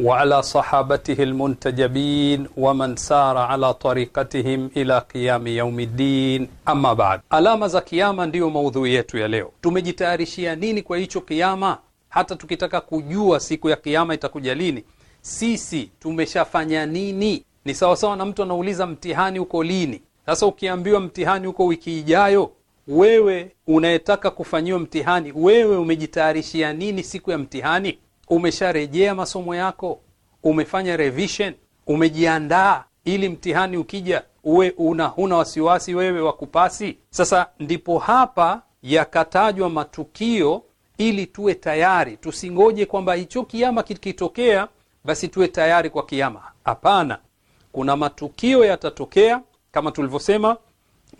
وعلى صحابته المنتجبين ومن سار ala tariqatihim ila qiyami yaumi ddin, baad. Alama za kiama ndiyo maudhui yetu ya leo. Tumejitayarishia nini kwa hicho kiama? Hata tukitaka kujua siku ya kiama itakuja lini, sisi tumeshafanya nini? Ni sawasawa na mtu anauliza mtihani uko lini. Sasa ukiambiwa mtihani uko wiki ijayo, wewe unayetaka kufanyiwa mtihani, wewe umejitayarishia nini siku ya mtihani? Umesharejea masomo yako? Umefanya revision? Umejiandaa ili mtihani ukija uwe una huna wasiwasi wewe wa kupasi. Sasa ndipo hapa yakatajwa matukio ili tuwe tayari, tusingoje kwamba hicho kiama kikitokea basi tuwe tayari kwa kiama. Hapana, kuna matukio yatatokea kama tulivyosema,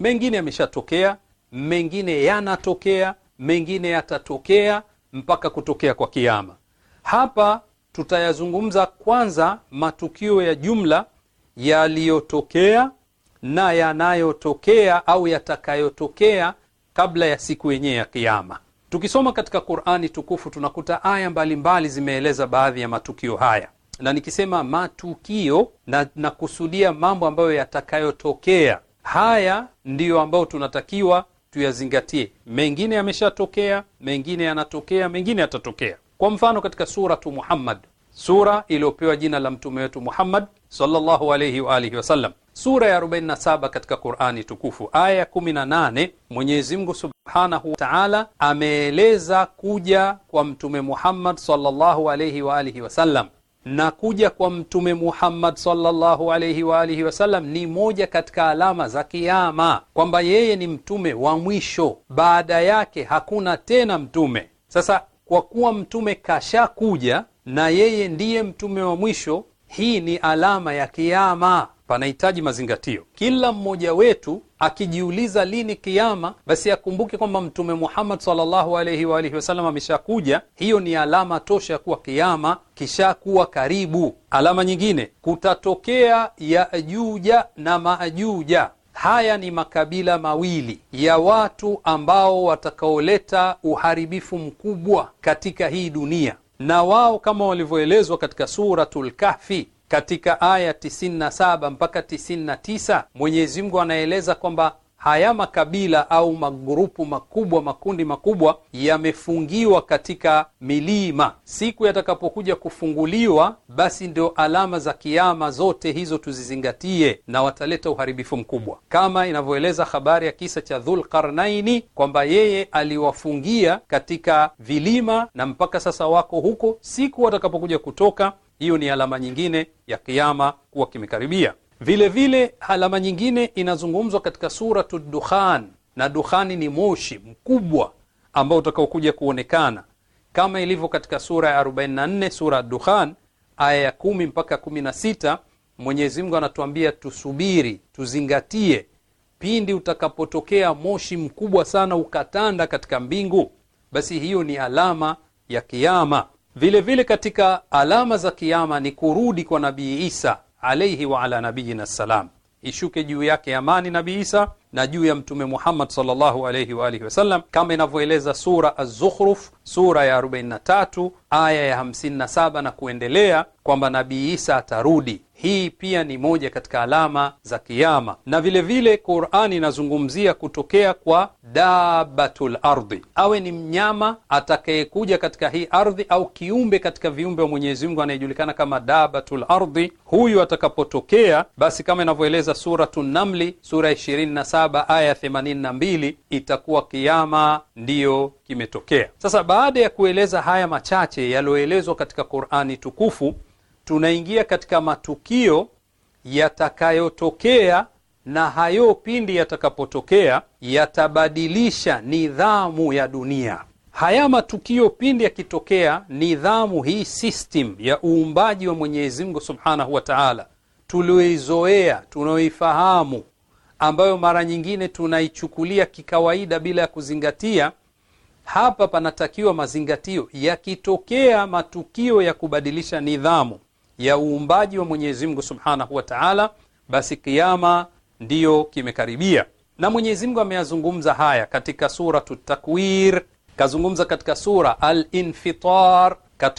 mengine yameshatokea, mengine yanatokea, mengine yatatokea mpaka kutokea kwa kiama. Hapa tutayazungumza kwanza matukio ya jumla yaliyotokea na yanayotokea au yatakayotokea kabla ya siku yenyewe ya Kiama. Tukisoma katika Qur'ani tukufu tunakuta aya mbalimbali zimeeleza baadhi ya matukio haya, na nikisema matukio na nakusudia mambo ambayo yatakayotokea. Haya ndiyo ambayo tunatakiwa tuyazingatie. Mengine yameshatokea, mengine yanatokea, mengine yatatokea. Kwa mfano katika suratu Muhammad, sura iliyopewa jina la mtume wetu Muhammad sallallahu alayhi wa alihi wasallam, sura ya 47 katika Qur'ani tukufu, aya 18, Mwenyezi Mungu subhanahu wa ta'ala ameeleza kuja kwa mtume Muhammad sallallahu alayhi wa alihi wasallam na kuja kwa mtume Muhammad sallallahu alayhi wa alihi wasallam ni moja katika alama za kiama kwamba yeye ni mtume wa mwisho, baada yake hakuna tena mtume. Sasa kwa kuwa mtume kashakuja na yeye ndiye mtume wa mwisho. Hii ni alama ya kiama, panahitaji mazingatio. Kila mmoja wetu akijiuliza lini kiama, basi akumbuke kwamba Mtume Muhammad sallallahu alaihi wa alihi wasallam ameshakuja. Hiyo ni alama tosha ya kuwa kiama kishakuwa karibu. Alama nyingine, kutatokea Yajuja na Majuja. Haya ni makabila mawili ya watu ambao watakaoleta uharibifu mkubwa katika hii dunia, na wao kama walivyoelezwa katika Suratul Kahfi katika aya 97 mpaka 99, Mwenyezi Mungu anaeleza kwamba haya makabila au magrupu makubwa makundi makubwa yamefungiwa katika milima. Siku yatakapokuja kufunguliwa, basi ndio alama za kiama zote hizo tuzizingatie, na wataleta uharibifu mkubwa, kama inavyoeleza habari ya kisa cha Dhul kwamba yeye aliwafungia katika vilima na mpaka sasa wako huko. Siku watakapokuja kutoka, hiyo ni alama nyingine ya kiama kuwa kimekaribia. Vile vile alama nyingine inazungumzwa katika suratu Dukhan, na dukhani ni moshi mkubwa ambao utakaokuja kuonekana kama ilivyo katika sura ya 44 sura Dukhan aya ya 10 mpaka 16, Mwenyezi Mungu anatuambia tusubiri, tuzingatie pindi utakapotokea moshi mkubwa sana ukatanda katika mbingu, basi hiyo ni alama ya kiama. Vile vile katika alama za kiama ni kurudi kwa Nabii Isa alaihi wa ala nabiyina salam, ishuke juu yake amani Nabi Isa na juu ya Mtume Muhammad sallallahu alaihi wa alihi wasallam, kama inavyoeleza sura Az-Zukhruf sura ya 43 aya ya 57 na kuendelea kwamba Nabii Isa atarudi. Hii pia ni moja katika alama za Kiama, na vilevile Qurani inazungumzia kutokea kwa dabatul ardhi, awe ni mnyama atakayekuja katika hii ardhi au kiumbe katika viumbe wa Mwenyezi Mungu anayejulikana kama dabatul ardhi. Huyu atakapotokea, basi kama inavyoeleza Suratu Namli sura 27 aya 82, itakuwa Kiama ndiyo kimetokea. Sasa baada ya kueleza haya machache yaliyoelezwa katika Qur'ani tukufu, tunaingia katika matukio yatakayotokea na hayo pindi yatakapotokea yatabadilisha nidhamu ya dunia. Haya matukio pindi yakitokea, nidhamu hii, system ya uumbaji wa Mwenyezi Mungu Subhanahu wa Ta'ala, tulioizoea tunaoifahamu, ambayo mara nyingine tunaichukulia kikawaida bila ya kuzingatia hapa panatakiwa mazingatio. Yakitokea matukio ya kubadilisha nidhamu ya uumbaji wa Mwenyezi Mungu Subhanahu wa Ta'ala, basi kiama ndiyo kimekaribia. Na Mwenyezi Mungu ameyazungumza haya katika suratu Takwir, kazungumza katika sura Al-Infitar,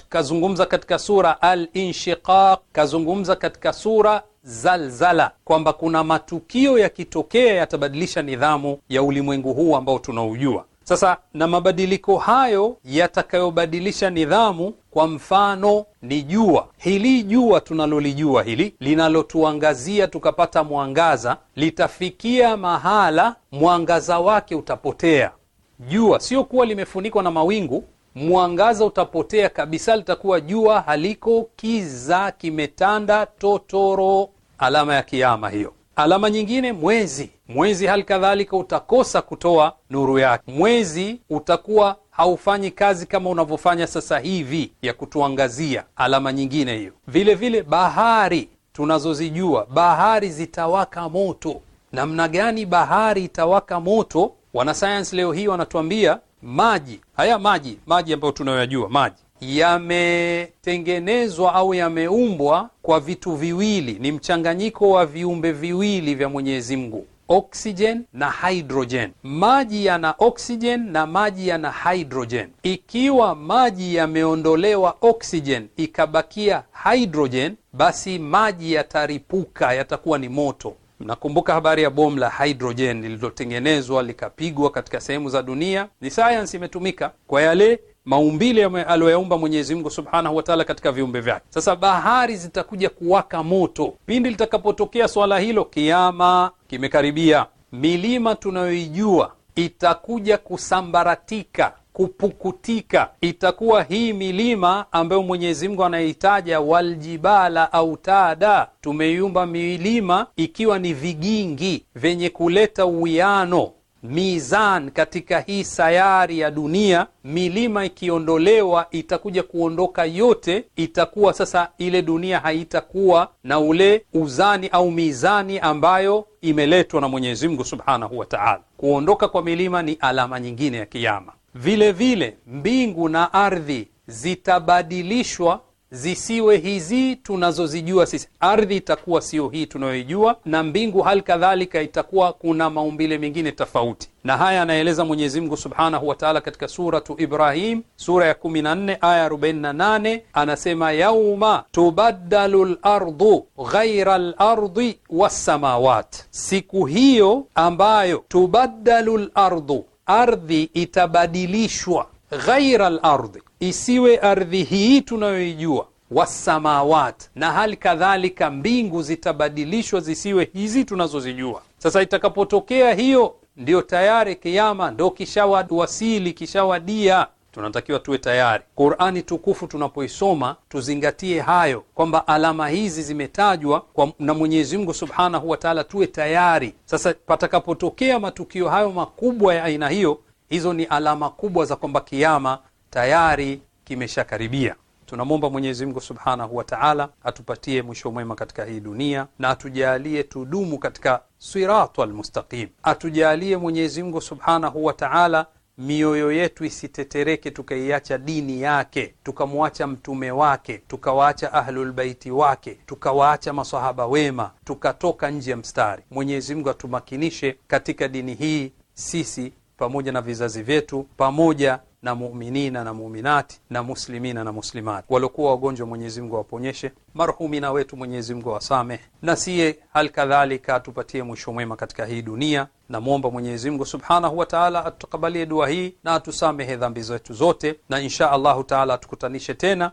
kazungumza katika sura Al-Inshiqaq, kazungumza katika sura Zalzala, kwamba kuna matukio yakitokea yatabadilisha nidhamu ya ulimwengu huu ambao tunaujua. Sasa na mabadiliko hayo yatakayobadilisha nidhamu, kwa mfano ni jua hili. Jua tunalolijua hili linalotuangazia tukapata mwangaza, litafikia mahala mwangaza wake utapotea. Jua sio kuwa limefunikwa na mawingu, mwangaza utapotea kabisa, litakuwa jua haliko, kiza kimetanda totoro. Alama ya kiama hiyo. Alama nyingine mwezi, mwezi hali kadhalika utakosa kutoa nuru yake. Mwezi utakuwa haufanyi kazi kama unavyofanya sasa hivi ya kutuangazia, alama nyingine hiyo. Vile vile bahari tunazozijua, bahari zitawaka moto. Namna gani bahari itawaka moto? Wanasayansi leo hii wanatuambia maji haya, maji maji ambayo tunayoyajua maji yametengenezwa au yameumbwa kwa vitu viwili, ni mchanganyiko wa viumbe viwili vya Mwenyezi Mungu, oxygen na hidrojen. Maji yana oksijen na maji yana hidrojen. Ikiwa maji yameondolewa oksijen ikabakia hidrojen, basi maji yataripuka, yatakuwa ni moto. Mnakumbuka habari ya bomu la hidrojen lililotengenezwa likapigwa katika sehemu za dunia? Ni sayansi imetumika kwa yale maumbile aliyoyaumba Mwenyezi Mungu Subhanahu wa Ta'ala katika viumbe vyake. Sasa bahari zitakuja kuwaka moto pindi litakapotokea swala hilo, kiama kimekaribia. Milima tunayoijua itakuja kusambaratika kupukutika. Itakuwa hii milima ambayo Mwenyezi Mungu anaitaja waljibala au tada, tumeiumba milima ikiwa ni vigingi vyenye kuleta uwiano mizan katika hii sayari ya dunia, milima ikiondolewa, itakuja kuondoka yote, itakuwa sasa ile dunia haitakuwa na ule uzani au mizani ambayo imeletwa na Mwenyezi Mungu Subhanahu wa Ta'ala. Kuondoka kwa milima ni alama nyingine ya kiama vilevile vile mbingu na ardhi zitabadilishwa zisiwe hizi tunazozijua sisi. Ardhi itakuwa sio hii tunayoijua, na mbingu hali kadhalika itakuwa kuna maumbile mengine tofauti. Na haya anaeleza Mwenyezi Mungu subhanahu wataala katika Suratu Ibrahim, sura ya 14 aya 48, anasema yauma tubaddalu lardu ghaira lardi wassamawat, siku hiyo ambayo tubaddalu lardu, ardhi itabadilishwa, ghaira lardi isiwe ardhi hii tunayoijua wasamawat na hali kadhalika mbingu zitabadilishwa zisiwe hizi tunazozijua sasa. Itakapotokea hiyo, ndiyo tayari kiama ndo kishawasili, kishawadia. Tunatakiwa tuwe tayari. Qurani tukufu tunapoisoma tuzingatie hayo kwamba alama hizi zimetajwa kwa na Mwenyezi Mungu subhanahu wataala tuwe tayari. Sasa patakapotokea matukio hayo makubwa ya aina hiyo, hizo ni alama kubwa za kwamba kiama tayari kimeshakaribia. Tunamwomba Mwenyezi Mungu subhanahu wa taala atupatie mwisho mwema katika hii dunia na atujalie tudumu katika sirata lmustaqim. Atujalie Mwenyezi Mungu subhanahu wa taala mioyo yetu isitetereke, tukaiacha dini yake, tukamwacha mtume wake, tukawaacha ahlulbaiti wake, tukawaacha masahaba wema, tukatoka nje ya mstari. Mwenyezi Mungu atumakinishe katika dini hii, sisi pamoja na vizazi vyetu pamoja na muminina na muminati na muslimina na muslimat waliokuwa wagonjwa, Mwenyezi Mungu awaponyeshe. Marhumina wetu Mwenyezi Mungu awasamehe, na siye hali kadhalika atupatie mwisho mwema katika hii dunia. Namwomba Mwenyezi Mungu subhanahu wa taala atukabalie dua hii na atusamehe dhambi zetu zote, na insha Allahu taala atukutanishe tena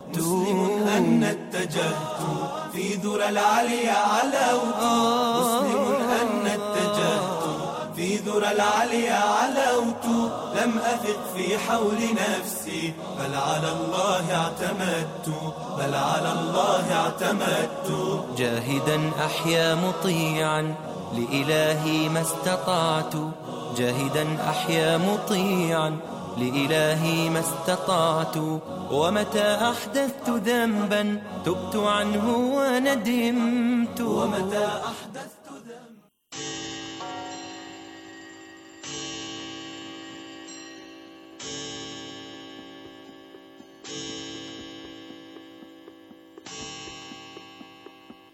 لم أثق في حول نفسي بل على الله اعتمدت بل على الله اعتمدت جاهدا أحيا مطيعا لإلهي ما استطعت جاهدا أحيا مطيعا لإلهي ما استطعت ومتى أحدثت ذنبا تبت عنه وندمت ومتى أحدثت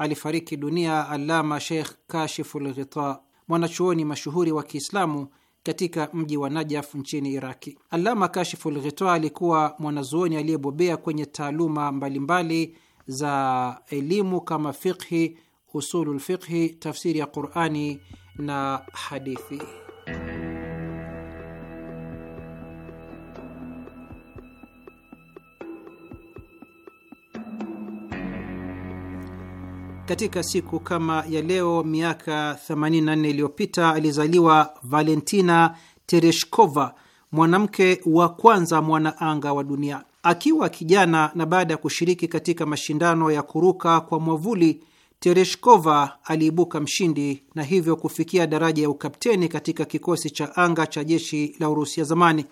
alifariki dunia Alama Sheikh Kashiful Ghita, mwanachuoni mashuhuri wa Kiislamu katika mji wa Najaf nchini Iraki. Alama Kashiful Ghita alikuwa mwanazuoni aliyebobea kwenye taaluma mbalimbali za elimu kama fiqhi, usulul fiqhi, tafsiri ya Qurani na hadithi. Katika siku kama ya leo miaka 84 iliyopita alizaliwa Valentina Tereshkova, mwanamke wa kwanza mwanaanga wa dunia. Akiwa kijana na baada ya kushiriki katika mashindano ya kuruka kwa mwavuli, Tereshkova aliibuka mshindi na hivyo kufikia daraja ya ukapteni katika kikosi cha anga cha jeshi la Urusi ya zamani.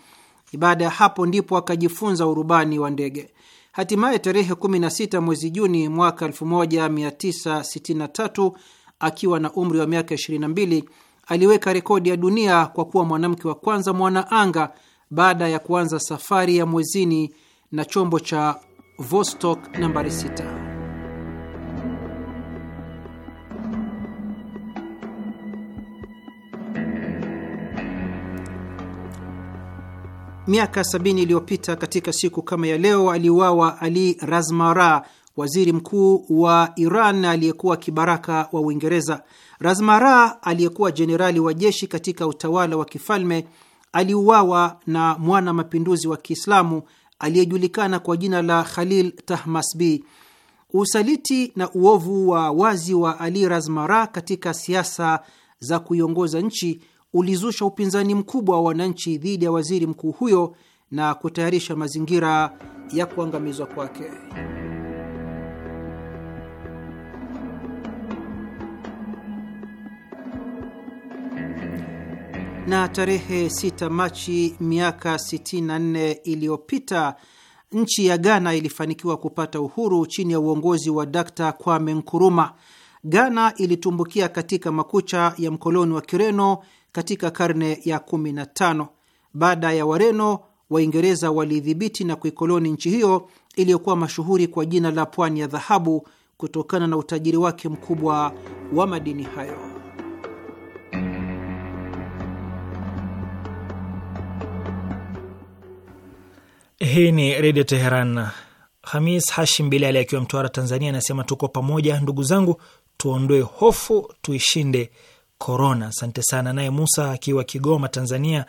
Baada ya hapo ndipo akajifunza urubani wa ndege. Hatimaye tarehe 16 mwezi Juni mwaka 1963 akiwa na umri wa miaka 22 aliweka rekodi ya dunia kwa kuwa mwanamke wa kwanza mwanaanga baada ya kuanza safari ya mwezini na chombo cha Vostok nambari 6. Miaka sabini iliyopita katika siku kama ya leo aliuawa Ali Razmara, waziri mkuu wa Iran aliyekuwa kibaraka wa Uingereza. Razmara aliyekuwa jenerali wa jeshi katika utawala wa kifalme aliuawa na mwana mapinduzi wa Kiislamu aliyejulikana kwa jina la Khalil Tahmasbi. Usaliti na uovu wa wazi wa Ali Razmara katika siasa za kuiongoza nchi ulizusha upinzani mkubwa wa wananchi dhidi ya waziri mkuu huyo na kutayarisha mazingira ya kuangamizwa kwake. Na tarehe 6 Machi miaka 64 iliyopita nchi ya Ghana ilifanikiwa kupata uhuru chini ya uongozi wa Dkt. Kwame Nkuruma. Ghana ilitumbukia katika makucha ya mkoloni wa Kireno katika karne ya 15. Baada ya Wareno, Waingereza walidhibiti na kuikoloni nchi hiyo iliyokuwa mashuhuri kwa jina la Pwani ya Dhahabu kutokana na utajiri wake mkubwa wa madini hayo. Hii ni Redio Teheran. Hamis Hashim Bilali akiwa Mtwara, Tanzania, anasema tuko pamoja ndugu zangu, tuondoe hofu, tuishinde korona. Asante sana. Naye Musa akiwa Kigoma, Tanzania,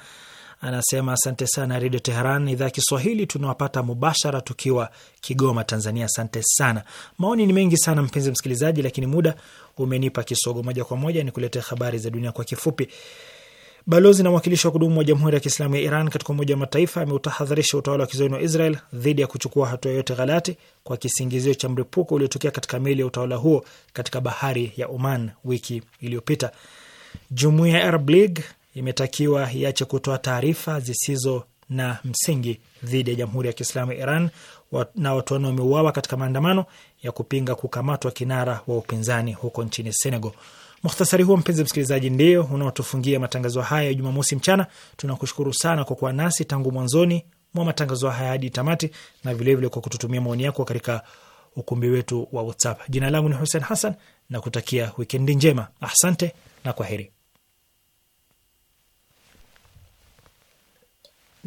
anasema asante sana Redio Teheran, idhaa ya Kiswahili. Tunawapata mubashara tukiwa Kigoma, Tanzania. Asante sana. Maoni ni mengi sana, mpenzi msikilizaji, lakini muda umenipa kisogo. Moja kwa moja ni kuletea habari za dunia kwa kifupi. Balozi na mwakilishi wa kudumu wa Jamhuri ya Kiislamu ya Iran katika Umoja wa Mataifa ameutahadharisha utawala wa kizayuni wa Israel dhidi ya kuchukua hatua yoyote ghalati kwa kisingizio cha mripuko uliotokea katika meli ya utawala huo katika bahari ya Oman wiki iliyopita. Jumuiya ya Arab League imetakiwa iache kutoa taarifa zisizo na msingi dhidi ya Jamhuri ya Kiislamu ya Iran na watu wanne wameuawa katika maandamano ya kupinga kukamatwa kinara wa upinzani huko nchini Senegal. Mukhtasari huo mpenzi msikilizaji, ndio unaotufungia matangazo haya ya Jumamosi mchana. Tunakushukuru sana kwa kuwa nasi tangu mwanzoni mwa matangazo haya hadi tamati, na vilevile kwa kututumia maoni yako katika ukumbi wetu wa WhatsApp. Jina langu ni Hussein Hassan na kutakia wikendi njema. Asante na kwaheri.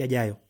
yajayo.